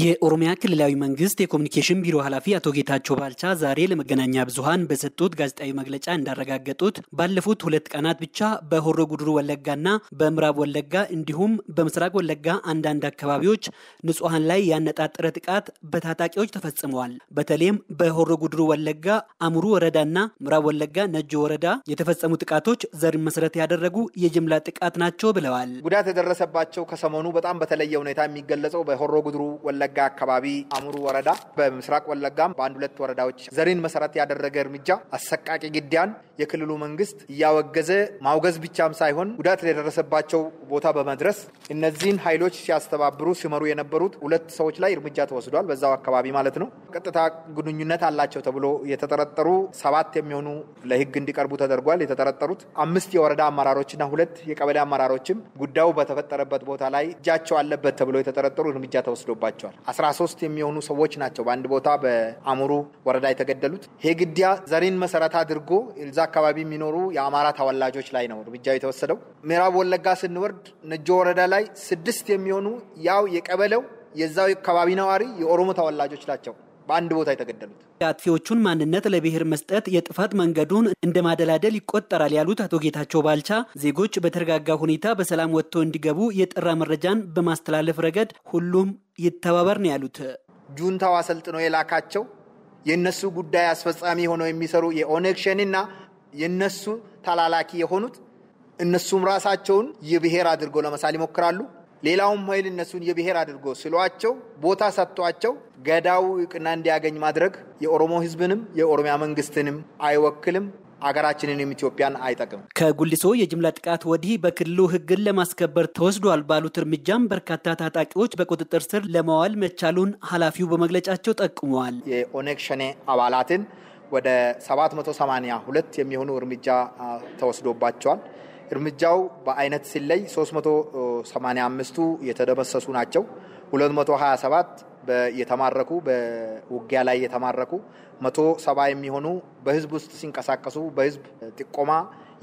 የኦሮሚያ ክልላዊ መንግስት የኮሚኒኬሽን ቢሮ ኃላፊ አቶ ጌታቸው ባልቻ ዛሬ ለመገናኛ ብዙሃን በሰጡት ጋዜጣዊ መግለጫ እንዳረጋገጡት ባለፉት ሁለት ቀናት ብቻ በሆሮ ጉድሩ ወለጋና በምዕራብ ወለጋ እንዲሁም በምስራቅ ወለጋ አንዳንድ አካባቢዎች ንጹሐን ላይ ያነጣጠረ ጥቃት በታጣቂዎች ተፈጽመዋል። በተለይም በሆሮ ጉድሩ ወለጋ አሙሩ ወረዳና ምዕራብ ወለጋ ነጆ ወረዳ የተፈጸሙ ጥቃቶች ዘርን መሰረት ያደረጉ የጅምላ ጥቃት ናቸው ብለዋል። ጉዳት የደረሰባቸው ከሰሞኑ በጣም በተለየ ሁኔታ የሚገለጸው በሆሮ ጉድሩ ወለጋ አካባቢ አሙሩ ወረዳ፣ በምስራቅ ወለጋም በአንድ ሁለት ወረዳዎች ዘሬን መሰረት ያደረገ እርምጃ አሰቃቂ ግድያን የክልሉ መንግስት እያወገዘ ማውገዝ ብቻም ሳይሆን ጉዳት የደረሰባቸው ቦታ በመድረስ እነዚህን ኃይሎች ሲያስተባብሩ ሲመሩ የነበሩት ሁለት ሰዎች ላይ እርምጃ ተወስዷል። በዛው አካባቢ ማለት ነው። ቀጥታ ግንኙነት አላቸው ተብሎ የተጠረጠሩ ሰባት የሚሆኑ ለህግ እንዲቀርቡ ተደርጓል። የተጠረጠሩት አምስት የወረዳ አመራሮችና ሁለት የቀበሌ አመራሮችም ጉዳዩ በተፈጠረበት ቦታ ላይ እጃቸው አለበት ተብሎ የተጠረጠሩ እርምጃ ተወስዶባቸዋል። ነበር። 13 የሚሆኑ ሰዎች ናቸው በአንድ ቦታ በአሙሩ ወረዳ የተገደሉት። ይሄ ግድያ ዘሬን መሰረት አድርጎ እዛ አካባቢ የሚኖሩ የአማራ ተወላጆች ላይ ነው እርምጃው የተወሰደው። ምዕራብ ወለጋ ስንወርድ ነጆ ወረዳ ላይ ስድስት የሚሆኑ ያው የቀበለው የዛው አካባቢ ነዋሪ የኦሮሞ ተወላጆች ናቸው በአንድ ቦታ የተገደሉት። የአጥፊዎቹን ማንነት ለብሔር መስጠት የጥፋት መንገዱን እንደ ማደላደል ይቆጠራል ያሉት አቶ ጌታቸው ባልቻ ዜጎች በተረጋጋ ሁኔታ በሰላም ወጥቶ እንዲገቡ የጠራ መረጃን በማስተላለፍ ረገድ ሁሉም ይተባበር ነው ያሉት። ጁንታው አሰልጥኖ የላካቸው የእነሱ ጉዳይ አስፈጻሚ ሆነው የሚሰሩ የኦነግ ሸኔና የእነሱ ተላላኪ የሆኑት እነሱም ራሳቸውን የብሔር አድርጎ ለመሳል ይሞክራሉ። ሌላውም ኃይል እነሱን የብሔር አድርጎ ስሏቸው ቦታ ሰጥቷቸው ገዳው እውቅና እንዲያገኝ ማድረግ የኦሮሞ ሕዝብንም የኦሮሚያ መንግስትንም አይወክልም። አገራችንንም ኢትዮጵያን አይጠቅም። ከጉልሶ የጅምላ ጥቃት ወዲህ በክልሉ ህግን ለማስከበር ተወስዷል ባሉት እርምጃም በርካታ ታጣቂዎች በቁጥጥር ስር ለማዋል መቻሉን ኃላፊው በመግለጫቸው ጠቁመዋል። የኦነግ ሸኔ አባላትን ወደ 782 የሚሆኑ እርምጃ ተወስዶባቸዋል። እርምጃው በአይነት ሲለይ 385ቱ የተደመሰሱ ናቸው። 227 የተማረኩ በውጊያ ላይ የተማረኩ መቶ ሰባ የሚሆኑ በህዝብ ውስጥ ሲንቀሳቀሱ በህዝብ ጥቆማ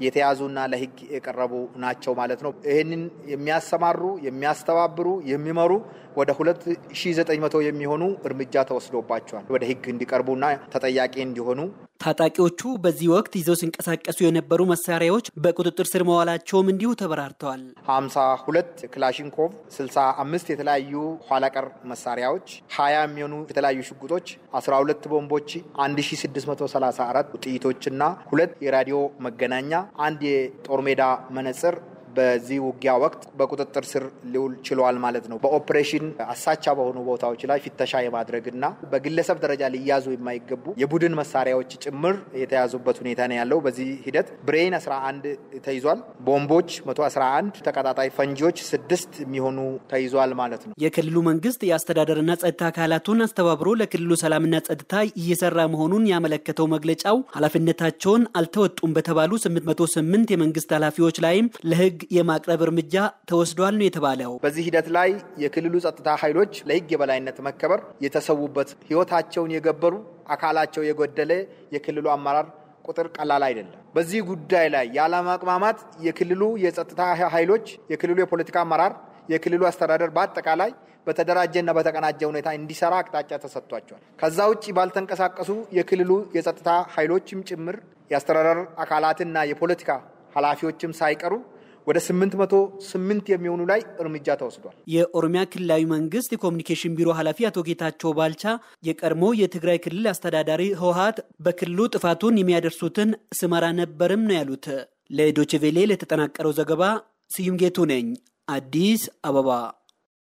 የተያዙና ለህግ የቀረቡ ናቸው ማለት ነው። ይህንን የሚያሰማሩ የሚያስተባብሩ፣ የሚመሩ ወደ 2900 የሚሆኑ እርምጃ ተወስዶባቸዋል። ወደ ህግ እንዲቀርቡና ተጠያቂ እንዲሆኑ ታጣቂዎቹ በዚህ ወቅት ይዘው ሲንቀሳቀሱ የነበሩ መሳሪያዎች በቁጥጥር ስር መዋላቸውም እንዲሁ ተበራርተዋል። 52 ክላሽንኮቭ፣ 65 የተለያዩ ኋላቀር መሳሪያዎች፣ 20 የሚሆኑ የተለያዩ ሽጉጦች፣ 12 ቦምቦች፣ 1634 ጥይቶችና ሁለት የራዲዮ መገናኛ፣ አንድ የጦር ሜዳ መነጽር በዚህ ውጊያ ወቅት በቁጥጥር ስር ሊውል ችሏል ማለት ነው። በኦፕሬሽን አሳቻ በሆኑ ቦታዎች ላይ ፍተሻ የማድረግና በግለሰብ ደረጃ ሊያዙ የማይገቡ የቡድን መሳሪያዎች ጭምር የተያዙበት ሁኔታ ነው ያለው። በዚህ ሂደት ብሬን 11 ተይዟል፣ ቦምቦች 111፣ ተቀጣጣይ ፈንጂዎች ስድስት የሚሆኑ ተይዟል ማለት ነው። የክልሉ መንግስት የአስተዳደርና ጸጥታ አካላቱን አስተባብሮ ለክልሉ ሰላምና ጸጥታ እየሰራ መሆኑን ያመለከተው መግለጫው ኃላፊነታቸውን አልተወጡም በተባሉ 808 የመንግስት ኃላፊዎች ላይም ለህግ ለህግ የማቅረብ እርምጃ ተወስዷል ነው የተባለው። በዚህ ሂደት ላይ የክልሉ ጸጥታ ኃይሎች ለህግ የበላይነት መከበር የተሰዉበት ህይወታቸውን የገበሩ አካላቸው የጎደለ የክልሉ አመራር ቁጥር ቀላል አይደለም። በዚህ ጉዳይ ላይ ያለማቅማማት የክልሉ የጸጥታ ኃይሎች፣ የክልሉ የፖለቲካ አመራር፣ የክልሉ አስተዳደር በአጠቃላይ በተደራጀና በተቀናጀ ሁኔታ እንዲሰራ አቅጣጫ ተሰጥቷቸዋል። ከዛ ውጭ ባልተንቀሳቀሱ የክልሉ የጸጥታ ኃይሎችም ጭምር የአስተዳደር አካላትና የፖለቲካ ኃላፊዎችም ሳይቀሩ ወደ 808 የሚሆኑ ላይ እርምጃ ተወስዷል። የኦሮሚያ ክልላዊ መንግስት የኮሚኒኬሽን ቢሮ ኃላፊ አቶ ጌታቸው ባልቻ የቀድሞ የትግራይ ክልል አስተዳዳሪ ህወሀት በክልሉ ጥፋቱን የሚያደርሱትን ስመራ ነበርም ነው ያሉት። ለዶችቬሌ ለተጠናቀረው ዘገባ ስዩም ጌቱ ነኝ፣ አዲስ አበባ